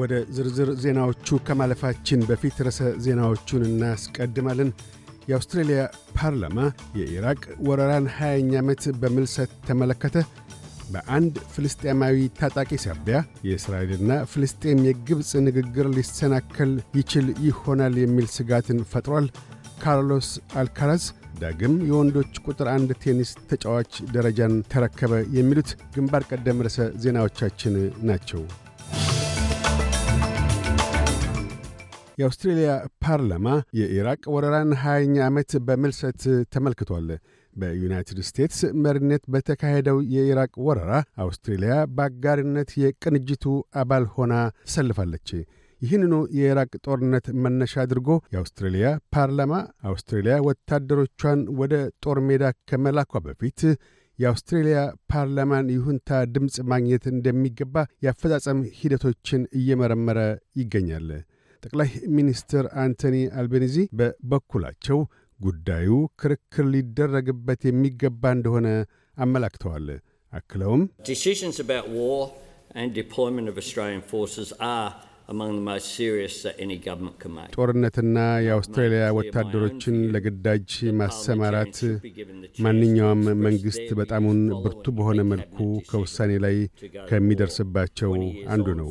ወደ ዝርዝር ዜናዎቹ ከማለፋችን በፊት ርዕሰ ዜናዎቹን እናስቀድማለን። የአውስትሬልያ ፓርላማ የኢራቅ ወረራን 20ኛ ዓመት በምልሰት ተመለከተ። በአንድ ፍልስጤማዊ ታጣቂ ሳቢያ የእስራኤልና ፍልስጤም የግብፅ ንግግር ሊሰናከል ይችል ይሆናል የሚል ስጋትን ፈጥሯል። ካርሎስ አልካራዝ ዳግም የወንዶች ቁጥር አንድ ቴኒስ ተጫዋች ደረጃን ተረከበ። የሚሉት ግንባር ቀደም ርዕሰ ዜናዎቻችን ናቸው። የአውስትሬልያ ፓርላማ የኢራቅ ወረራን 20ኛ ዓመት በምልሰት ተመልክቷል። በዩናይትድ ስቴትስ መሪነት በተካሄደው የኢራቅ ወረራ አውስትሬልያ በአጋርነት የቅንጅቱ አባል ሆና ተሰልፋለች። ይህንኑ የኢራቅ ጦርነት መነሻ አድርጎ የአውስትሬልያ ፓርላማ አውስትሬልያ ወታደሮቿን ወደ ጦር ሜዳ ከመላኳ በፊት የአውስትሬልያ ፓርላማን ይሁንታ ድምፅ ማግኘት እንደሚገባ የአፈጻጸም ሂደቶችን እየመረመረ ይገኛል። ጠቅላይ ሚኒስትር አንቶኒ አልቤኒዚ በበኩላቸው ጉዳዩ ክርክር ሊደረግበት የሚገባ እንደሆነ አመላክተዋል። አክለውም ጦርነትና የአውስትራሊያ ወታደሮችን ለግዳጅ ማሰማራት ማንኛውም መንግሥት በጣሙን ብርቱ በሆነ መልኩ ከውሳኔ ላይ ከሚደርስባቸው አንዱ ነው።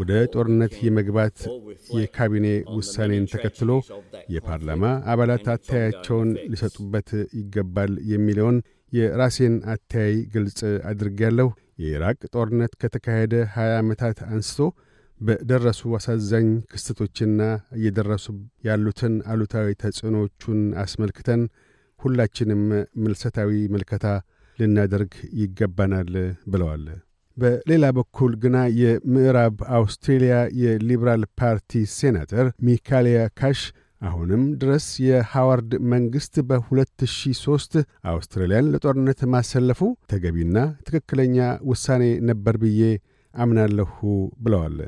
ወደ ጦርነት የመግባት የካቢኔ ውሳኔን ተከትሎ የፓርላማ አባላት አተያያቸውን ሊሰጡበት ይገባል የሚለውን የራሴን አተያይ ግልጽ አድርጌያለሁ። የኢራቅ ጦርነት ከተካሄደ 20 ዓመታት አንስቶ በደረሱ አሳዛኝ ክስተቶችና እየደረሱ ያሉትን አሉታዊ ተጽዕኖቹን አስመልክተን ሁላችንም ምልሰታዊ ምልከታ ልናደርግ ይገባናል ብለዋል። በሌላ በኩል ግና የምዕራብ አውስትሬልያ የሊበራል ፓርቲ ሴናተር ሚካሊያ ካሽ አሁንም ድረስ የሃዋርድ መንግሥት በ2003 አውስትራሊያን ለጦርነት ማሰለፉ ተገቢና ትክክለኛ ውሳኔ ነበር ብዬ አምናለሁ ብለዋል።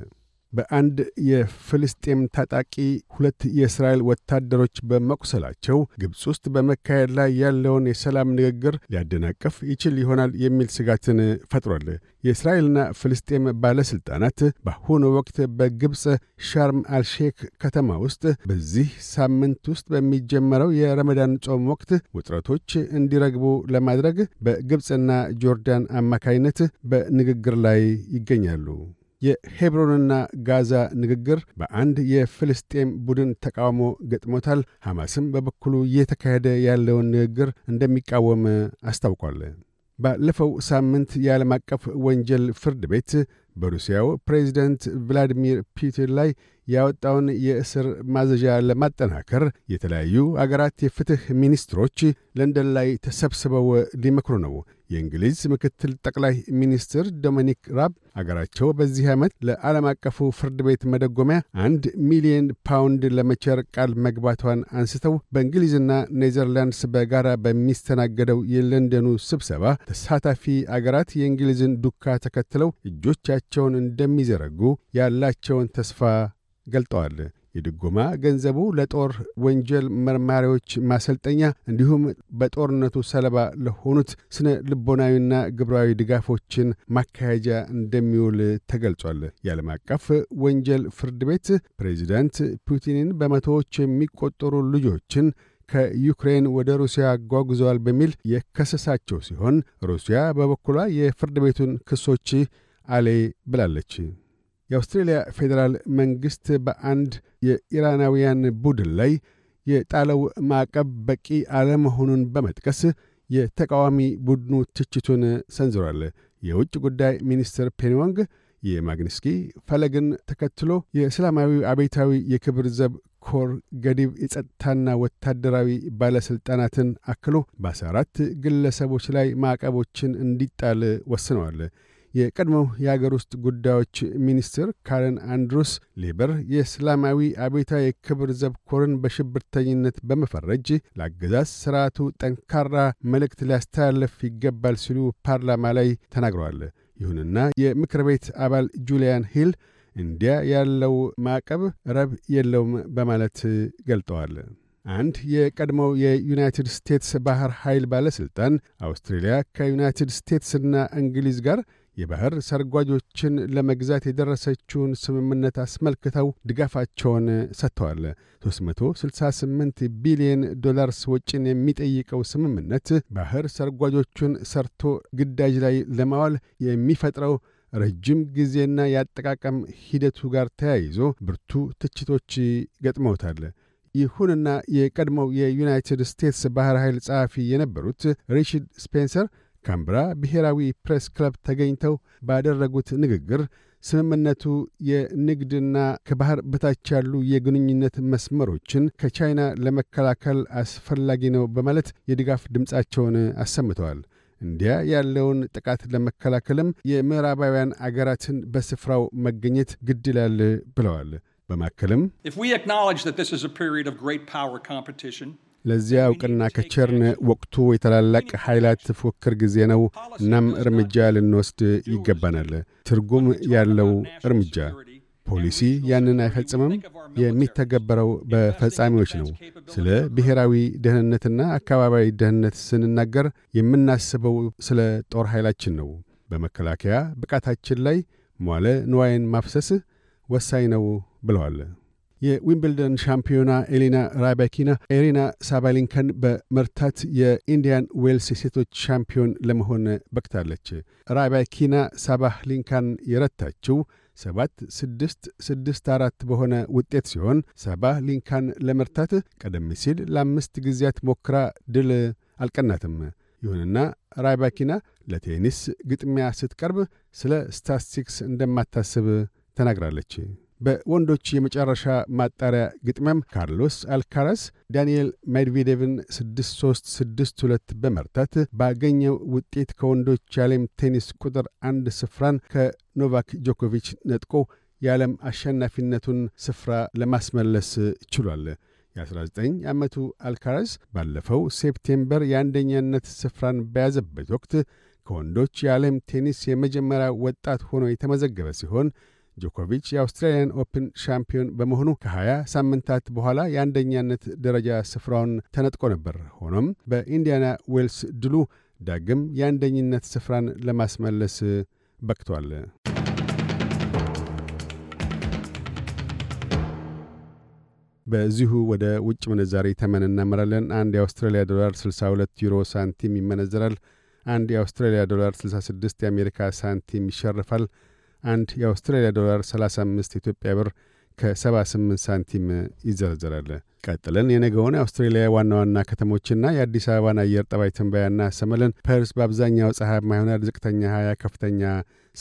በአንድ የፍልስጤም ታጣቂ ሁለት የእስራኤል ወታደሮች በመቁሰላቸው ግብፅ ውስጥ በመካሄድ ላይ ያለውን የሰላም ንግግር ሊያደናቅፍ ይችል ይሆናል የሚል ስጋትን ፈጥሯል። የእስራኤልና ፍልስጤም ባለሥልጣናት በአሁኑ ወቅት በግብፅ ሻርም አልሼክ ከተማ ውስጥ በዚህ ሳምንት ውስጥ በሚጀመረው የረመዳን ጾም ወቅት ውጥረቶች እንዲረግቡ ለማድረግ በግብፅና ጆርዳን አማካይነት በንግግር ላይ ይገኛሉ። የሄብሮንና ጋዛ ንግግር በአንድ የፍልስጤም ቡድን ተቃውሞ ገጥሞታል። ሐማስም በበኩሉ እየተካሄደ ያለውን ንግግር እንደሚቃወም አስታውቋል። ባለፈው ሳምንት የዓለም አቀፍ ወንጀል ፍርድ ቤት በሩሲያው ፕሬዚደንት ቭላዲሚር ፑቲን ላይ ያወጣውን የእስር ማዘዣ ለማጠናከር የተለያዩ አገራት የፍትሕ ሚኒስትሮች ለንደን ላይ ተሰብስበው ሊመክሩ ነው። የእንግሊዝ ምክትል ጠቅላይ ሚኒስትር ዶሚኒክ ራብ አገራቸው በዚህ ዓመት ለዓለም አቀፉ ፍርድ ቤት መደጎሚያ አንድ ሚሊዮን ፓውንድ ለመቸር ቃል መግባቷን አንስተው በእንግሊዝና ኔዘርላንድስ በጋራ በሚስተናገደው የለንደኑ ስብሰባ ተሳታፊ አገራት የእንግሊዝን ዱካ ተከትለው እጆቻቸውን እንደሚዘረጉ ያላቸውን ተስፋ ገልጠዋል። የድጎማ ገንዘቡ ለጦር ወንጀል መርማሪዎች ማሰልጠኛ እንዲሁም በጦርነቱ ሰለባ ለሆኑት ስነ ልቦናዊና ግብራዊ ድጋፎችን ማካሄጃ እንደሚውል ተገልጿል። የዓለም አቀፍ ወንጀል ፍርድ ቤት ፕሬዚዳንት ፑቲንን በመቶዎች የሚቆጠሩ ልጆችን ከዩክሬን ወደ ሩሲያ አጓጉዘዋል በሚል የከሰሳቸው ሲሆን ሩሲያ በበኩሏ የፍርድ ቤቱን ክሶች አሌ ብላለች። የአውስትሬልያ ፌዴራል መንግሥት በአንድ የኢራናውያን ቡድን ላይ የጣለው ማዕቀብ በቂ አለመሆኑን በመጥቀስ የተቃዋሚ ቡድኑ ትችቱን ሰንዝሯል። የውጭ ጉዳይ ሚኒስትር ፔንዋንግ የማግኒስኪ ፈለግን ተከትሎ የእስላማዊ አቤታዊ የክብር ዘብ ኮር ገዲብ የጸጥታና ወታደራዊ ባለሥልጣናትን አክሎ በአስራ አራት ግለሰቦች ላይ ማዕቀቦችን እንዲጣል ወስነዋል። የቀድሞው የአገር ውስጥ ጉዳዮች ሚኒስትር ካረን አንድሩስ ሌበር የእስላማዊ አብዮታ የክብር ዘብ ኮርን በሽብርተኝነት በመፈረጅ ለአገዛዝ ስርዓቱ ጠንካራ መልእክት ሊያስተላለፍ ይገባል ሲሉ ፓርላማ ላይ ተናግረዋል። ይሁንና የምክር ቤት አባል ጁሊያን ሂል እንዲያ ያለው ማዕቀብ ረብ የለውም በማለት ገልጠዋል። አንድ የቀድሞው የዩናይትድ ስቴትስ ባህር ኃይል ባለሥልጣን አውስትሬልያ ከዩናይትድ ስቴትስና እንግሊዝ ጋር የባህር ሰርጓጆችን ለመግዛት የደረሰችውን ስምምነት አስመልክተው ድጋፋቸውን ሰጥተዋል። 368 ቢሊዮን ዶላርስ ወጪን የሚጠይቀው ስምምነት ባህር ሰርጓጆቹን ሰርቶ ግዳጅ ላይ ለማዋል የሚፈጥረው ረጅም ጊዜና የአጠቃቀም ሂደቱ ጋር ተያይዞ ብርቱ ትችቶች ገጥመውታል። ይሁንና የቀድሞው የዩናይትድ ስቴትስ ባህር ኃይል ጸሐፊ የነበሩት ሪችድ ስፔንሰር ካምብራ ብሔራዊ ፕሬስ ክለብ ተገኝተው ባደረጉት ንግግር ስምምነቱ የንግድና ከባህር በታች ያሉ የግንኙነት መስመሮችን ከቻይና ለመከላከል አስፈላጊ ነው በማለት የድጋፍ ድምፃቸውን አሰምተዋል። እንዲያ ያለውን ጥቃት ለመከላከልም የምዕራባውያን አገራትን በስፍራው መገኘት ግድላል ብለዋል። በማከልም ለዚያ እውቅና ከቸርን ወቅቱ የታላላቅ ኃይላት ፉክክር ጊዜ ነው። እናም እርምጃ ልንወስድ ይገባናል። ትርጉም ያለው እርምጃ ፖሊሲ ያንን አይፈጽምም። የሚተገበረው በፈጻሚዎች ነው። ስለ ብሔራዊ ደህንነትና አካባቢዊ ደህንነት ስንናገር የምናስበው ስለ ጦር ኃይላችን ነው። በመከላከያ ብቃታችን ላይ ሟለ ንዋይን ማፍሰስ ወሳኝ ነው ብለዋል። የዊምብልደን ሻምፒዮና ኤሌና ራይባኪና ኤሪና ሳባሊንካን በመርታት የኢንዲያን ዌልስ የሴቶች ሻምፒዮን ለመሆን በቅታለች። ራይባኪና ሳባሊንካን የረታችው ሰባት ስድስት ስድስት አራት በሆነ ውጤት ሲሆን ሳባ ሊንካን ለመርታት ቀደም ሲል ለአምስት ጊዜያት ሞክራ ድል አልቀናትም። ይሁንና ራይባኪና ለቴኒስ ግጥሚያ ስትቀርብ ስለ ስታስቲክስ እንደማታስብ ተናግራለች። በወንዶች የመጨረሻ ማጣሪያ ግጥሚያም ካርሎስ አልካራስ ዳንኤል ሜድቬዴቭን 63 62 በመርታት ባገኘው ውጤት ከወንዶች የዓለም ቴኒስ ቁጥር አንድ ስፍራን ከኖቫክ ጆኮቪች ነጥቆ የዓለም አሸናፊነቱን ስፍራ ለማስመለስ ችሏል። የ19 ዓመቱ አልካራስ ባለፈው ሴፕቴምበር የአንደኛነት ስፍራን በያዘበት ወቅት ከወንዶች የዓለም ቴኒስ የመጀመሪያ ወጣት ሆኖ የተመዘገበ ሲሆን ጆኮቪች የአውስትራሊያን ኦፕን ሻምፒዮን በመሆኑ ከ20 ሳምንታት በኋላ የአንደኛነት ደረጃ ስፍራውን ተነጥቆ ነበር። ሆኖም በኢንዲያና ዌልስ ድሉ ዳግም የአንደኝነት ስፍራን ለማስመለስ በቅቷል። በዚሁ ወደ ውጭ ምንዛሪ ተመን እናመራለን። አንድ የአውስትራሊያ ዶላር 62 ዩሮ ሳንቲም ይመነዘራል። አንድ የአውስትራሊያ ዶላር 66 የአሜሪካ ሳንቲም ይሸርፋል። አንድ የአውስትራሊያ ዶላር 35 ኢትዮጵያ ብር ከ78 ሳንቲም ይዘረዘራል። ቀጥለን የነገውን የአውስትሬሊያ ዋና ዋና ከተሞችና የአዲስ አበባን አየር ጠባይ ትንበያና ሰመልን። ፐርስ በአብዛኛው ፀሐያማ ይሆናል። ዝቅተኛ 20፣ ከፍተኛ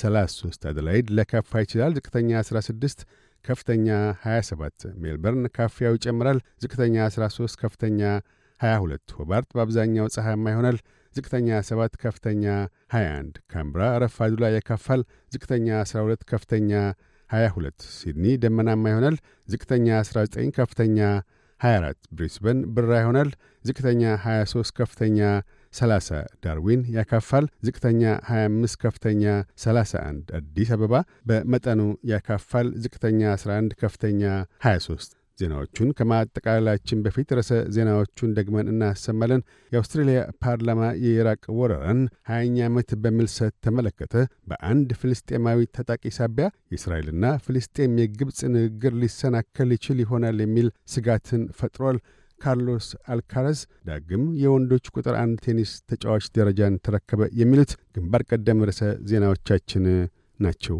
33። አደላይድ ለከፋ ይችላል። ዝቅተኛ 16 ከፍተኛ 27። ሜልበርን ካፊያው ይጨምራል። ዝቅተኛ 13 ከፍተኛ 22። ሆባርት በአብዛኛው ፀሐያማ ይሆናል። ዝቅተኛ 7 ከፍተኛ 21። ካምብራ ረፋዱ ላይ ያካፋል። ዝቅተኛ 12 ከፍተኛ 22። ሲድኒ ደመናማ ይሆናል። ዝቅተኛ 19 ከፍተኛ 24። ብሪስበን ብራ ይሆናል። ዝቅተኛ 23 ከፍተኛ 30። ዳርዊን ያካፋል። ዝቅተኛ 25 ከፍተኛ 31። አዲስ አበባ በመጠኑ ያካፋል። ዝቅተኛ 11 ከፍተኛ 23። ዜናዎቹን ከማጠቃለላችን በፊት ርዕሰ ዜናዎቹን ደግመን እናሰማለን። የአውስትሬልያ ፓርላማ የኢራቅ ወረራን ሀያኛ ዓመት በሚል ተመለከተ። በአንድ ፍልስጤማዊ ታጣቂ ሳቢያ የእስራኤልና ፍልስጤም የግብፅ ንግግር ሊሰናከል ይችል ይሆናል የሚል ስጋትን ፈጥሯል። ካርሎስ አልካረስ ዳግም የወንዶች ቁጥር አንድ ቴኒስ ተጫዋች ደረጃን ተረከበ። የሚሉት ግንባር ቀደም ርዕሰ ዜናዎቻችን ናቸው።